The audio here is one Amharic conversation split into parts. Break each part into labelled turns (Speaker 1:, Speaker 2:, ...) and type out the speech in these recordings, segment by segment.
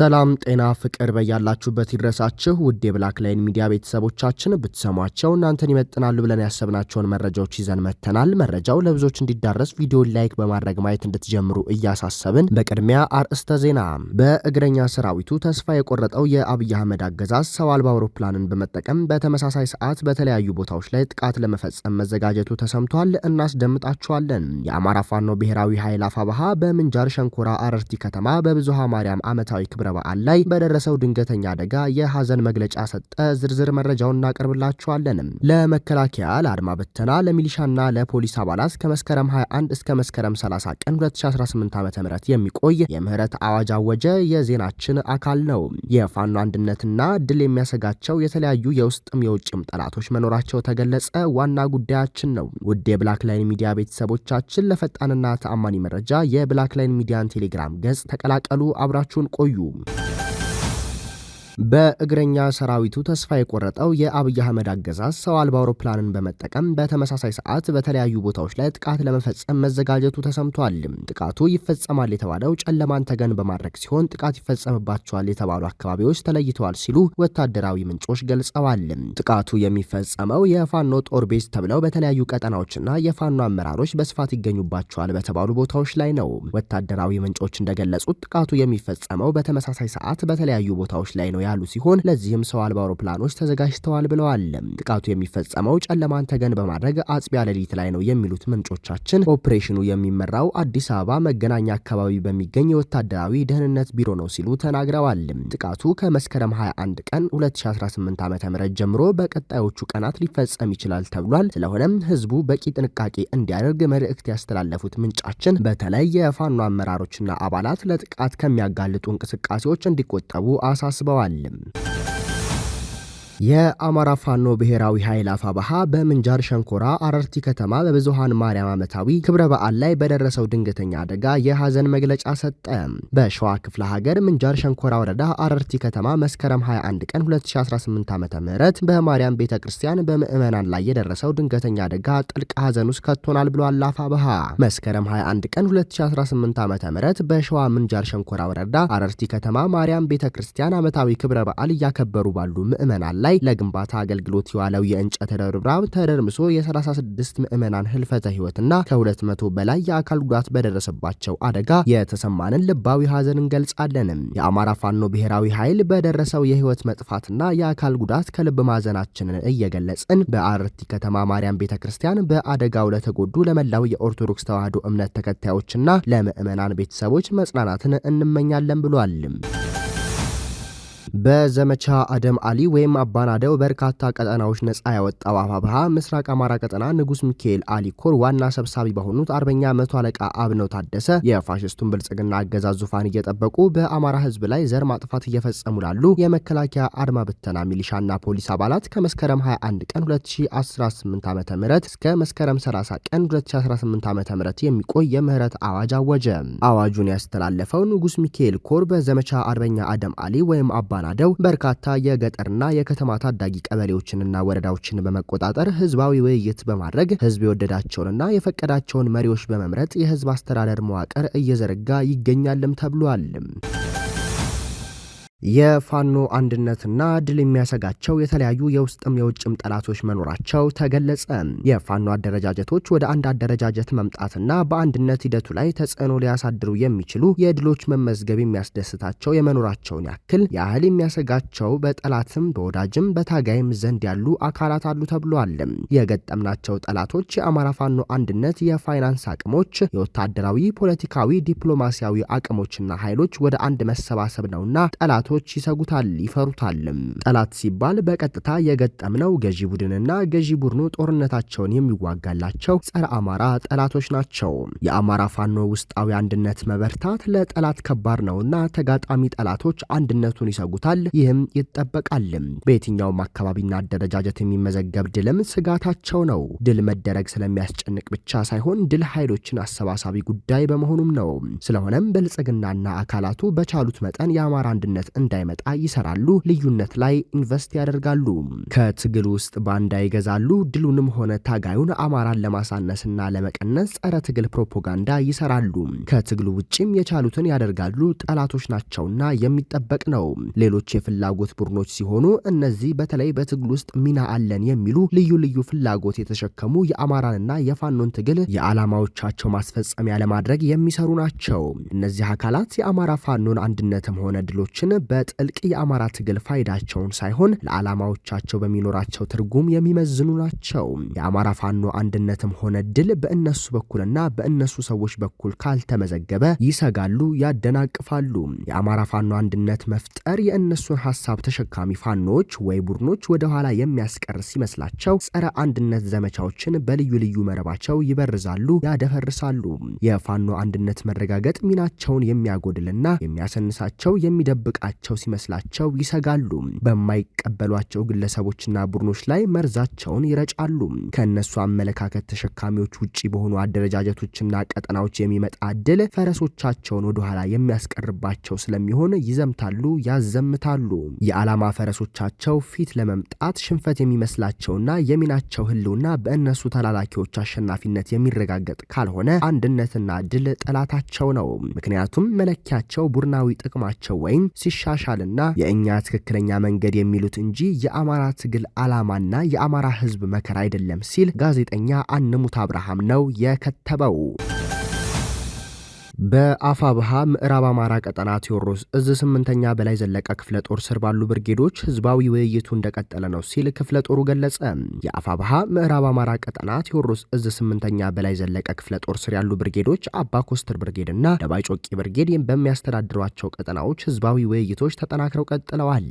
Speaker 1: ሰላም ጤና ፍቅር በያላችሁበት ይድረሳችሁ። ውድ የብላክ ላይን ሚዲያ ቤተሰቦቻችን ብትሰሟቸው እናንተን ይመጥናሉ ብለን ያሰብናቸውን መረጃዎች ይዘን መጥተናል። መረጃው ለብዙዎች እንዲዳረስ ቪዲዮ ላይክ በማድረግ ማየት እንድትጀምሩ እያሳሰብን፣ በቅድሚያ አርዕስተ ዜና። በእግረኛ ሰራዊቱ ተስፋ የቆረጠው የአብይ አህመድ አገዛዝ ሰው አልባ አውሮፕላንን በመጠቀም በተመሳሳይ ሰዓት በተለያዩ ቦታዎች ላይ ጥቃት ለመፈጸም መዘጋጀቱ ተሰምቷል። እናስደምጣችኋለን። የአማራ ፋኖ ብሔራዊ ኃይል አፋባሃ በምንጃር ሸንኮራ አረርቲ ከተማ በብዙሃ ማርያም ዓመታዊ ክብረ በዓል ላይ በደረሰው ድንገተኛ አደጋ የሐዘን መግለጫ ሰጠ። ዝርዝር መረጃውን እናቀርብላችኋለን። ለመከላከያ፣ ለአድማ ብተና፣ ለሚሊሻና ለፖሊስ አባላት ከመስከረም 21 እስከ መስከረም 30 ቀን 2018 ዓ ም የሚቆይ የምህረት አዋጅ አወጀ። የዜናችን አካል ነው። የፋኖ አንድነትና ድል የሚያሰጋቸው የተለያዩ የውስጥም የውጭም ጠላቶች መኖራቸው ተገለጸ። ዋና ጉዳያችን ነው። ውድ የብላክ ላይን ሚዲያ ቤተሰቦቻችን ለፈጣንና ተአማኒ መረጃ የብላክ ላይን ሚዲያን ቴሌግራም ገጽ ተቀላቀሉ። አብራችሁን ቆዩ። www.thebeatmaker.com. በእግረኛ ሰራዊቱ ተስፋ የቆረጠው የአብይ አህመድ አገዛዝ ሰው አልባ አውሮፕላንን በመጠቀም በተመሳሳይ ሰዓት በተለያዩ ቦታዎች ላይ ጥቃት ለመፈጸም መዘጋጀቱ ተሰምቷል። ጥቃቱ ይፈጸማል የተባለው ጨለማን ተገን በማድረግ ሲሆን ጥቃት ይፈጸምባቸዋል የተባሉ አካባቢዎች ተለይተዋል ሲሉ ወታደራዊ ምንጮች ገልጸዋል። ጥቃቱ የሚፈጸመው የፋኖ ጦር ቤዝ ተብለው በተለያዩ ቀጠናዎችና የፋኖ አመራሮች በስፋት ይገኙባቸዋል በተባሉ ቦታዎች ላይ ነው። ወታደራዊ ምንጮች እንደገለጹት ጥቃቱ የሚፈጸመው በተመሳሳይ ሰዓት በተለያዩ ቦታዎች ላይ ነው ያሉ ሲሆን ለዚህም ሰው አልባ አውሮፕላኖች ተዘጋጅተዋል ብለዋል። ጥቃቱ የሚፈጸመው ጨለማን ተገን በማድረግ አጥቢያ ሌሊት ላይ ነው የሚሉት ምንጮቻችን። ኦፕሬሽኑ የሚመራው አዲስ አበባ መገናኛ አካባቢ በሚገኝ የወታደራዊ ደህንነት ቢሮ ነው ሲሉ ተናግረዋል። ጥቃቱ ከመስከረም 21 ቀን 2018 ዓ ም ጀምሮ በቀጣዮቹ ቀናት ሊፈጸም ይችላል ተብሏል። ስለሆነም ህዝቡ በቂ ጥንቃቄ እንዲያደርግ መልእክት ያስተላለፉት ምንጫችን በተለይ የፋኖ አመራሮችና አባላት ለጥቃት ከሚያጋልጡ እንቅስቃሴዎች እንዲቆጠቡ አሳስበዋል። allem. የአማራ ፋኖ ብሔራዊ ኃይል አፋባሃ በምንጃር ሸንኮራ አረርቲ ከተማ በብዙሃን ማርያም ዓመታዊ ክብረ በዓል ላይ በደረሰው ድንገተኛ አደጋ የሐዘን መግለጫ ሰጠ። በሸዋ ክፍለ ሀገር ምንጃር ሸንኮራ ወረዳ አረርቲ ከተማ መስከረም 21 ቀን 2018 ዓ ም በማርያም ቤተ ክርስቲያን በምዕመናን ላይ የደረሰው ድንገተኛ አደጋ ጥልቅ ሐዘን ውስጥ ከቶናል ብሏል አፋባሃ። መስከረም 21 ቀን 2018 ዓ ም በሸዋ ምንጃር ሸንኮራ ወረዳ አረርቲ ከተማ ማርያም ቤተ ክርስቲያን ዓመታዊ ክብረ በዓል እያከበሩ ባሉ ምዕመናን ላይ ላይ ለግንባታ አገልግሎት የዋለው የእንጨት ርብራብ ተደርምሶ የ36 ምዕመናን ህልፈተ ህይወትና ከ200 በላይ የአካል ጉዳት በደረሰባቸው አደጋ የተሰማንን ልባዊ ሀዘን እንገልጻለንም። የአማራ ፋኖ ብሔራዊ ኃይል በደረሰው የህይወት መጥፋትና የአካል ጉዳት ከልብ ማዘናችንን እየገለጽን በአርቲ ከተማ ማርያም ቤተ ክርስቲያን በአደጋው ለተጎዱ ለመላው የኦርቶዶክስ ተዋህዶ እምነት ተከታዮችና ለምዕመናን ቤተሰቦች መጽናናትን እንመኛለን ብሏልም። በዘመቻ አደም አሊ ወይም አባናደው በርካታ ቀጠናዎች ነፃ ያወጣው አፋብሃ ምስራቅ አማራ ቀጠና ንጉስ ሚካኤል አሊ ኮር ዋና ሰብሳቢ በሆኑት አርበኛ መቶ አለቃ አብነው ታደሰ የፋሽስቱን ብልጽግና አገዛዝ ዙፋን እየጠበቁ በአማራ ህዝብ ላይ ዘር ማጥፋት እየፈጸሙ ላሉ የመከላከያ አድማ ብተና ሚሊሻና ፖሊስ አባላት ከመስከረም 21 ቀን 2018 ዓ ም እስከ መስከረም 30 ቀን 2018 ዓ ም የሚቆይ የምህረት አዋጅ አወጀ። አዋጁን ያስተላለፈው ንጉስ ሚካኤል ኮር በዘመቻ አርበኛ አደም አሊ ወይም አባ ባላደው በርካታ የገጠርና የከተማ ታዳጊ ቀበሌዎችንና ወረዳዎችን በመቆጣጠር ህዝባዊ ውይይት በማድረግ ህዝብ የወደዳቸውንና የፈቀዳቸውን መሪዎች በመምረጥ የህዝብ አስተዳደር መዋቅር እየዘረጋ ይገኛልም ተብሏል። የፋኖ አንድነትና ድል የሚያሰጋቸው የተለያዩ የውስጥም የውጭም ጠላቶች መኖራቸው ተገለጸ። የፋኖ አደረጃጀቶች ወደ አንድ አደረጃጀት መምጣትና በአንድነት ሂደቱ ላይ ተጽዕኖ ሊያሳድሩ የሚችሉ የድሎች መመዝገብ የሚያስደስታቸው የመኖራቸውን ያክል ያህል የሚያሰጋቸው በጠላትም በወዳጅም በታጋይም ዘንድ ያሉ አካላት አሉ ተብሏል። የገጠምናቸው ጠላቶች የአማራ ፋኖ አንድነት የፋይናንስ አቅሞች፣ የወታደራዊ ፖለቲካዊ፣ ዲፕሎማሲያዊ አቅሞችና ኃይሎች ወደ አንድ መሰባሰብ ነውና ጠላቶ ጠላቶች ይሰጉታል፣ ይፈሩታልም። ጠላት ሲባል በቀጥታ የገጠምነው ገዢ ቡድንና ገዢ ቡድኑ ጦርነታቸውን የሚዋጋላቸው ጸረ አማራ ጠላቶች ናቸው። የአማራ ፋኖ ውስጣዊ አንድነት መበርታት ለጠላት ከባድ ነውና ተጋጣሚ ጠላቶች አንድነቱን ይሰጉታል፣ ይህም ይጠበቃልም። በየትኛውም አካባቢና አደረጃጀት የሚመዘገብ ድልም ስጋታቸው ነው። ድል መደረግ ስለሚያስጨንቅ ብቻ ሳይሆን ድል ኃይሎችን አሰባሳቢ ጉዳይ በመሆኑም ነው። ስለሆነም ብልጽግናና አካላቱ በቻሉት መጠን የአማራ አንድነት እንዳይመጣ ይሰራሉ፣ ልዩነት ላይ ኢንቨስት ያደርጋሉ፣ ከትግል ውስጥ ባንዳ ይገዛሉ፣ ድሉንም ሆነ ታጋዩን አማራን ለማሳነስና ለመቀነስ ጸረ ትግል ፕሮፓጋንዳ ይሰራሉ። ከትግሉ ውጭም የቻሉትን ያደርጋሉ፣ ጠላቶች ናቸውና የሚጠበቅ ነው። ሌሎች የፍላጎት ቡድኖች ሲሆኑ እነዚህ በተለይ በትግል ውስጥ ሚና አለን የሚሉ ልዩ ልዩ ፍላጎት የተሸከሙ የአማራንና የፋኖን ትግል የዓላማዎቻቸው ማስፈጸሚያ ለማድረግ የሚሰሩ ናቸው። እነዚህ አካላት የአማራ ፋኖን አንድነትም ሆነ ድሎችን በጥልቅ የአማራ ትግል ፋይዳቸውን ሳይሆን ለዓላማዎቻቸው በሚኖራቸው ትርጉም የሚመዝኑ ናቸው። የአማራ ፋኖ አንድነትም ሆነ ድል በእነሱ በኩልና በእነሱ ሰዎች በኩል ካልተመዘገበ ይሰጋሉ፣ ያደናቅፋሉ። የአማራ ፋኖ አንድነት መፍጠር የእነሱን ሀሳብ ተሸካሚ ፋኖዎች ወይ ቡድኖች ወደኋላ የሚያስቀር ሲመስላቸው ጸረ አንድነት ዘመቻዎችን በልዩ ልዩ መረባቸው ይበርዛሉ፣ ያደፈርሳሉ። የፋኖ አንድነት መረጋገጥ ሚናቸውን የሚያጎድልና የሚያሰንሳቸው የሚደብቃቸው ያላቸው ሲመስላቸው ይሰጋሉ። በማይቀበሏቸው ግለሰቦችና ቡድኖች ላይ መርዛቸውን ይረጫሉ። ከእነሱ አመለካከት ተሸካሚዎች ውጪ በሆኑ አደረጃጀቶችና ቀጠናዎች የሚመጣ እድል ፈረሶቻቸውን ወደኋላ የሚያስቀርባቸው ስለሚሆን ይዘምታሉ፣ ያዘምታሉ። የዓላማ ፈረሶቻቸው ፊት ለመምጣት ሽንፈት የሚመስላቸውና የሚናቸው ህልውና በእነሱ ተላላኪዎች አሸናፊነት የሚረጋገጥ ካልሆነ አንድነትና ድል ጠላታቸው ነው። ምክንያቱም መለኪያቸው ቡድናዊ ጥቅማቸው ወይም ሲሻ መሻሻልና የእኛ ትክክለኛ መንገድ የሚሉት እንጂ የአማራ ትግል ዓላማና የአማራ ሕዝብ መከራ አይደለም ሲል ጋዜጠኛ አንሙት አብርሃም ነው የከተበው። በአፋብሃ ምዕራብ አማራ ቀጠና ቴዎድሮስ እዝ ስምንተኛ በላይ ዘለቀ ክፍለ ጦር ስር ባሉ ብርጌዶች ህዝባዊ ውይይቱ እንደቀጠለ ነው ሲል ክፍለ ጦሩ ገለጸ። የአፋብሃ ምዕራብ አማራ ቀጠና ቴዎድሮስ እዝ ስምንተኛ በላይ ዘለቀ ክፍለ ጦር ስር ያሉ ብርጌዶች አባ ኮስተር ብርጌድ እና ደባይ ጮቂ ብርጌድ በሚያስተዳድሯቸው ቀጠናዎች ህዝባዊ ውይይቶች ተጠናክረው ቀጥለዋል።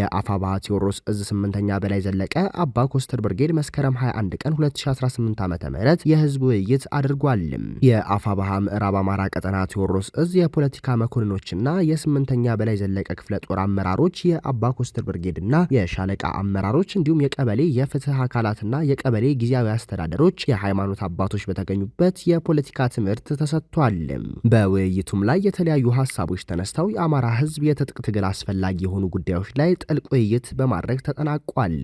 Speaker 1: የአፋብሃ ቴዎድሮስ እዝ ስምንተኛ በላይ ዘለቀ አባ ኮስተር ብርጌድ መስከረም 21 ቀን 2018 ዓ ም የህዝብ ውይይት አድርጓል። የአፋብሃ ምዕራብ አማራ ቀጠና ጣና ቴዎድሮስ እዝ የፖለቲካ መኮንኖችና የስምንተኛ በላይ ዘለቀ ክፍለ ጦር አመራሮች የአባ ኮስተር ብርጌድና የሻለቃ አመራሮች እንዲሁም የቀበሌ የፍትህ አካላትና የቀበሌ ጊዜያዊ አስተዳደሮች የሃይማኖት አባቶች በተገኙበት የፖለቲካ ትምህርት ተሰጥቷል። በውይይቱም ላይ የተለያዩ ሀሳቦች ተነስተው የአማራ ህዝብ የትጥቅ ትግል አስፈላጊ የሆኑ ጉዳዮች ላይ ጥልቅ ውይይት በማድረግ ተጠናቋል።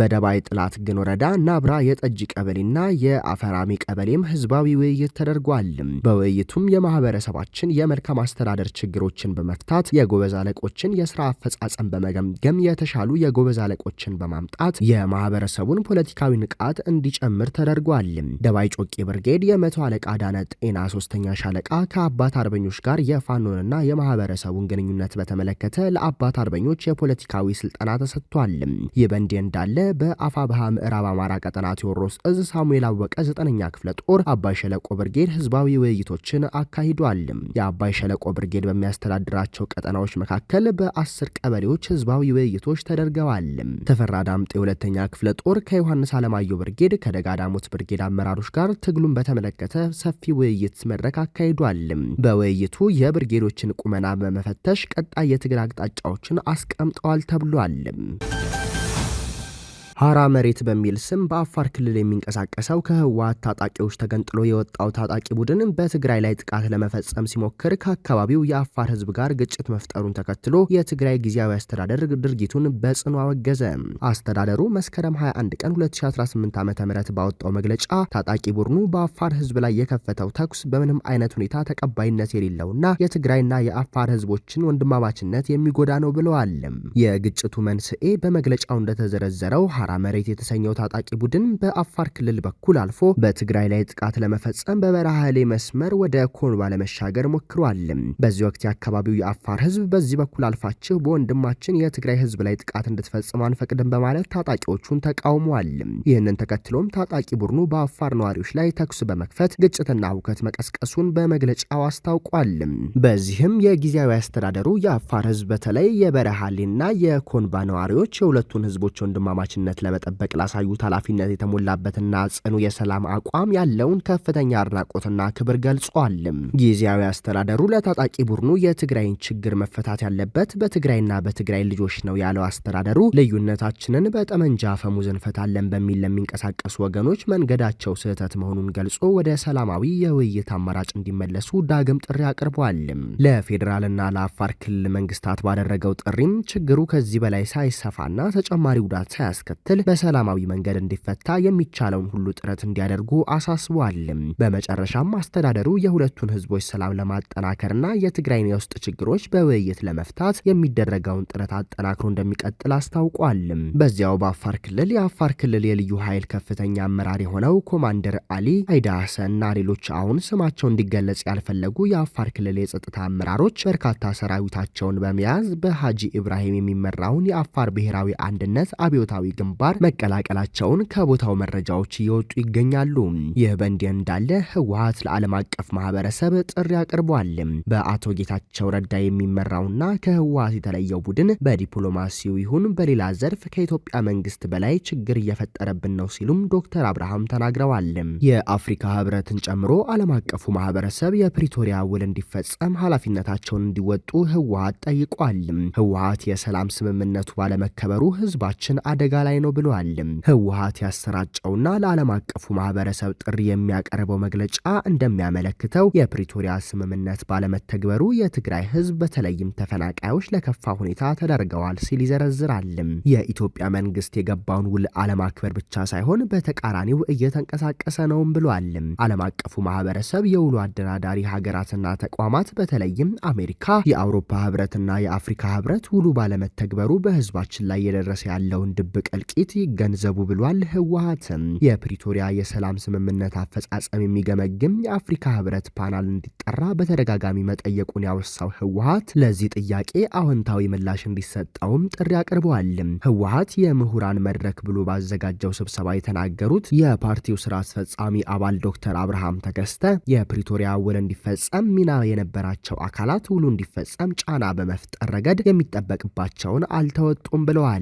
Speaker 1: በደባይ ጥላት ግን ወረዳ ናብራ የጠጅ ቀበሌና የአፈራሚ ቀበሌም ህዝባዊ ውይይት ተደርጓል። በውይይቱም የማህበረ ማህበረሰባችን የመልካም አስተዳደር ችግሮችን በመፍታት የጎበዝ አለቆችን የስራ አፈጻጸም በመገምገም የተሻሉ የጎበዝ አለቆችን በማምጣት የማህበረሰቡን ፖለቲካዊ ንቃት እንዲጨምር ተደርጓል። ደባይ ጮቄ ብርጌድ የመቶ አለቃ ዳነ ጤና ሶስተኛ ሻለቃ ከአባት አርበኞች ጋር የፋኖንና የማህበረሰቡን ግንኙነት በተመለከተ ለአባት አርበኞች የፖለቲካዊ ስልጠና ተሰጥቷል። ይህ በእንዲህ እንዳለ በአፋብሃ ምዕራብ አማራ ቀጠና ቴዎድሮስ እዝ ሳሙኤል አወቀ ዘጠነኛ ክፍለ ጦር አባይ ሸለቆ ብርጌድ ህዝባዊ ውይይቶችን አካሂዷል። ተወስዷል። የአባይ ሸለቆ ብርጌድ በሚያስተዳድራቸው ቀጠናዎች መካከል በአስር ቀበሌዎች ህዝባዊ ውይይቶች ተደርገዋል። ተፈራ ዳምጤ ሁለተኛ ክፍለ ጦር ከዮሐንስ አለማየሁ ብርጌድ ከደጋዳሞት ብርጌድ አመራሮች ጋር ትግሉን በተመለከተ ሰፊ ውይይት መድረክ አካሂዷል። በውይይቱ የብርጌዶችን ቁመና በመፈተሽ ቀጣይ የትግል አቅጣጫዎችን አስቀምጠዋል ተብሏል። ሀራ መሬት በሚል ስም በአፋር ክልል የሚንቀሳቀሰው ከህወሀት ታጣቂዎች ተገንጥሎ የወጣው ታጣቂ ቡድን በትግራይ ላይ ጥቃት ለመፈጸም ሲሞክር ከአካባቢው የአፋር ህዝብ ጋር ግጭት መፍጠሩን ተከትሎ የትግራይ ጊዜያዊ አስተዳደር ድርጊቱን በጽኑ አወገዘ። አስተዳደሩ መስከረም 21 ቀን 2018 ዓ ም ባወጣው መግለጫ ታጣቂ ቡድኑ በአፋር ህዝብ ላይ የከፈተው ተኩስ በምንም አይነት ሁኔታ ተቀባይነት የሌለውና የትግራይና የአፋር ህዝቦችን ወንድማማችነት የሚጎዳ ነው ብለዋል። የግጭቱ መንስኤ በመግለጫው እንደተዘረዘረው የሰሐራ መሬት የተሰኘው ታጣቂ ቡድን በአፋር ክልል በኩል አልፎ በትግራይ ላይ ጥቃት ለመፈጸም በበረሃሌ መስመር ወደ ኮንባ ለመሻገር ሞክሯል። በዚህ ወቅት የአካባቢው የአፋር ህዝብ በዚህ በኩል አልፋችሁ በወንድማችን የትግራይ ህዝብ ላይ ጥቃት እንድትፈጽሙ አንፈቅድም በማለት ታጣቂዎቹን ተቃውሟል። ይህንን ተከትሎም ታጣቂ ቡድኑ በአፋር ነዋሪዎች ላይ ተኩስ በመክፈት ግጭትና ሁከት መቀስቀሱን በመግለጫው አስታውቋል። በዚህም የጊዜያዊ አስተዳደሩ የአፋር ህዝብ በተለይ የበረሃሌና የኮንባ ነዋሪዎች የሁለቱን ህዝቦች ወንድማማችነት ደህንነት ለመጠበቅ ላሳዩት ኃላፊነት የተሞላበትና ጽኑ የሰላም አቋም ያለውን ከፍተኛ አድናቆትና ክብር ገልጿል። ጊዜያዊ አስተዳደሩ ለታጣቂ ቡድኑ የትግራይን ችግር መፈታት ያለበት በትግራይና በትግራይ ልጆች ነው ያለው አስተዳደሩ ልዩነታችንን በጠመንጃ ፈሙዝ እንፈታለን በሚል ለሚንቀሳቀሱ ወገኖች መንገዳቸው ስህተት መሆኑን ገልጾ ወደ ሰላማዊ የውይይት አማራጭ እንዲመለሱ ዳግም ጥሪ አቅርቧል። ለፌዴራልና ለአፋር ክልል መንግስታት ባደረገው ጥሪም ችግሩ ከዚህ በላይ ሳይሰፋና ተጨማሪ ጉዳት ሳያስከትል ክትትል በሰላማዊ መንገድ እንዲፈታ የሚቻለውን ሁሉ ጥረት እንዲያደርጉ አሳስቧል። በመጨረሻም አስተዳደሩ የሁለቱን ህዝቦች ሰላም ለማጠናከርና የትግራይን የውስጥ ችግሮች በውይይት ለመፍታት የሚደረገውን ጥረት አጠናክሮ እንደሚቀጥል አስታውቋል። በዚያው በአፋር ክልል የአፋር ክልል የልዩ ኃይል ከፍተኛ አመራር የሆነው ኮማንደር አሊ አይዳሰ እና ሌሎች አሁን ስማቸው እንዲገለጽ ያልፈለጉ የአፋር ክልል የጸጥታ አመራሮች በርካታ ሰራዊታቸውን በመያዝ በሀጂ ኢብራሂም የሚመራውን የአፋር ብሔራዊ አንድነት አብዮታዊ ግንባ ግንባር መቀላቀላቸውን ከቦታው መረጃዎች እየወጡ ይገኛሉ። ይህ በእንዲህ እንዳለ ህወሀት ለዓለም አቀፍ ማህበረሰብ ጥሪ አቅርቧል። በአቶ ጌታቸው ረዳ የሚመራውና ከህወሀት የተለየው ቡድን በዲፕሎማሲው ይሁን በሌላ ዘርፍ ከኢትዮጵያ መንግስት በላይ ችግር እየፈጠረብን ነው ሲሉም ዶክተር አብርሃም ተናግረዋል። የአፍሪካ ህብረትን ጨምሮ ዓለም አቀፉ ማህበረሰብ የፕሪቶሪያ ውል እንዲፈጸም ኃላፊነታቸውን እንዲወጡ ህወሀት ጠይቋል። ህወሀት የሰላም ስምምነቱ ባለመከበሩ ህዝባችን አደጋ ላይ ነው ብለዋል። ህወሀት ያሰራጨውና ለዓለም አቀፉ ማህበረሰብ ጥሪ የሚያቀርበው መግለጫ እንደሚያመለክተው የፕሪቶሪያ ስምምነት ባለመተግበሩ የትግራይ ህዝብ በተለይም ተፈናቃዮች ለከፋ ሁኔታ ተደርገዋል ሲል ይዘረዝራል። የኢትዮጵያ መንግስት የገባውን ውል አለማክበር ብቻ ሳይሆን በተቃራኒው እየተንቀሳቀሰ ነውም ብለዋል። ዓለም አቀፉ ማህበረሰብ የውሉ አደራዳሪ ሀገራትና ተቋማት በተለይም አሜሪካ፣ የአውሮፓ ህብረትና የአፍሪካ ህብረት ውሉ ባለመተግበሩ በህዝባችን ላይ የደረሰ ያለውን ድብቅ እልቂት ጥቂት ይገንዘቡ ብሏል። ህወሀትም የፕሪቶሪያ የሰላም ስምምነት አፈጻጸም የሚገመግም የአፍሪካ ህብረት ፓናል እንዲጠራ በተደጋጋሚ መጠየቁን ያወሳው ህወሀት ለዚህ ጥያቄ አዎንታዊ ምላሽ እንዲሰጠውም ጥሪ አቅርበዋል። ህወሀት የምሁራን መድረክ ብሎ ባዘጋጀው ስብሰባ የተናገሩት የፓርቲው ስራ አስፈጻሚ አባል ዶክተር አብርሃም ተከስተ የፕሪቶሪያ ውል እንዲፈጸም ሚና የነበራቸው አካላት ውሉ እንዲፈጸም ጫና በመፍጠር ረገድ የሚጠበቅባቸውን አልተወጡም ብለዋል።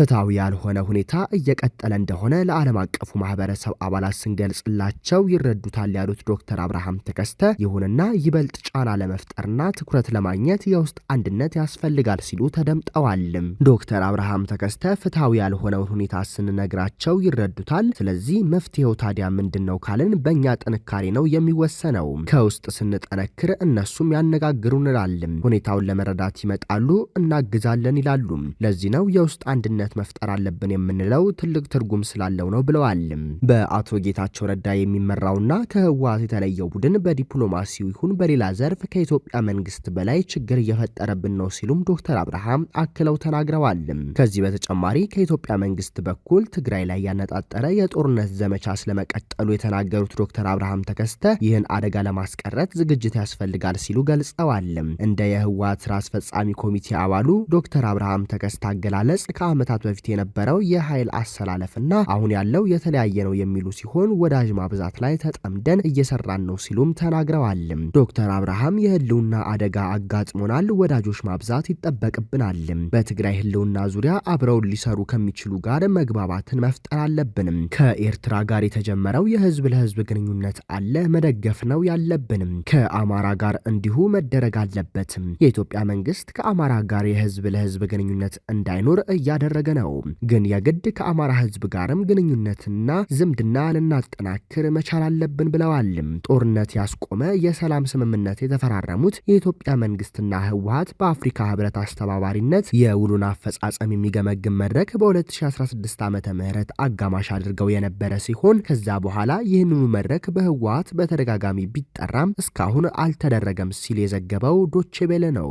Speaker 1: ፍትሐዊ ያልሆነ ሁኔታ ሁኔታ እየቀጠለ እንደሆነ ለዓለም አቀፉ ማህበረሰብ አባላት ስንገልጽላቸው ይረዱታል ያሉት ዶክተር አብርሃም ተከስተ፣ ይሁንና ይበልጥ ጫና ለመፍጠርና ትኩረት ለማግኘት የውስጥ አንድነት ያስፈልጋል ሲሉ ተደምጠዋልም። ዶክተር አብርሃም ተከስተ ፍትሐዊ ያልሆነውን ሁኔታ ስንነግራቸው ይረዱታል። ስለዚህ መፍትሄው ታዲያ ምንድን ነው ካልን በእኛ ጥንካሬ ነው የሚወሰነው። ከውስጥ ስንጠነክር እነሱም ያነጋግሩ እንላልም። ሁኔታውን ለመረዳት ይመጣሉ፣ እናግዛለን ይላሉ። ለዚህ ነው የውስጥ አንድነት መፍጠር አለብን የምንለው ትልቅ ትርጉም ስላለው ነው ብለዋል። በአቶ ጌታቸው ረዳ የሚመራውና ከህወሓት የተለየው ቡድን በዲፕሎማሲው ይሁን በሌላ ዘርፍ ከኢትዮጵያ መንግስት በላይ ችግር እየፈጠረብን ነው ሲሉም ዶክተር አብርሃም አክለው ተናግረዋል። ከዚህ በተጨማሪ ከኢትዮጵያ መንግስት በኩል ትግራይ ላይ ያነጣጠረ የጦርነት ዘመቻ ስለመቀጠሉ የተናገሩት ዶክተር አብርሃም ተከስተ ይህን አደጋ ለማስቀረት ዝግጅት ያስፈልጋል ሲሉ ገልጸዋል። እንደ የህወሓት ስራ አስፈጻሚ ኮሚቴ አባሉ ዶክተር አብርሃም ተከስተ አገላለጽ ከዓመታት በፊት የነበረው የ የኃይል አሰላለፍና አሁን ያለው የተለያየ ነው የሚሉ ሲሆን ወዳጅ ማብዛት ላይ ተጠምደን እየሰራን ነው ሲሉም ተናግረዋል። ዶክተር አብርሃም የህልውና አደጋ አጋጥሞናል፣ ወዳጆች ማብዛት ይጠበቅብናል። በትግራይ ህልውና ዙሪያ አብረውን ሊሰሩ ከሚችሉ ጋር መግባባትን መፍጠር አለብንም። ከኤርትራ ጋር የተጀመረው የህዝብ ለህዝብ ግንኙነት አለ መደገፍ ነው ያለብንም። ከአማራ ጋር እንዲሁ መደረግ አለበትም። የኢትዮጵያ መንግስት ከአማራ ጋር የህዝብ ለህዝብ ግንኙነት እንዳይኖር እያደረገ ነው ግን ረገድ ከአማራ ህዝብ ጋርም ግንኙነትና ዝምድና ልናጠናክር መቻል አለብን ብለዋልም ጦርነት ያስቆመ የሰላም ስምምነት የተፈራረሙት የኢትዮጵያ መንግስትና ህወሀት በአፍሪካ ህብረት አስተባባሪነት የውሉን አፈጻጸም የሚገመግም መድረክ በ2016 ዓ ም አጋማሽ አድርገው የነበረ ሲሆን ከዛ በኋላ ይህንኑ መድረክ በህወሀት በተደጋጋሚ ቢጠራም እስካሁን አልተደረገም ሲል የዘገበው ዶቼ ቤለ ነው።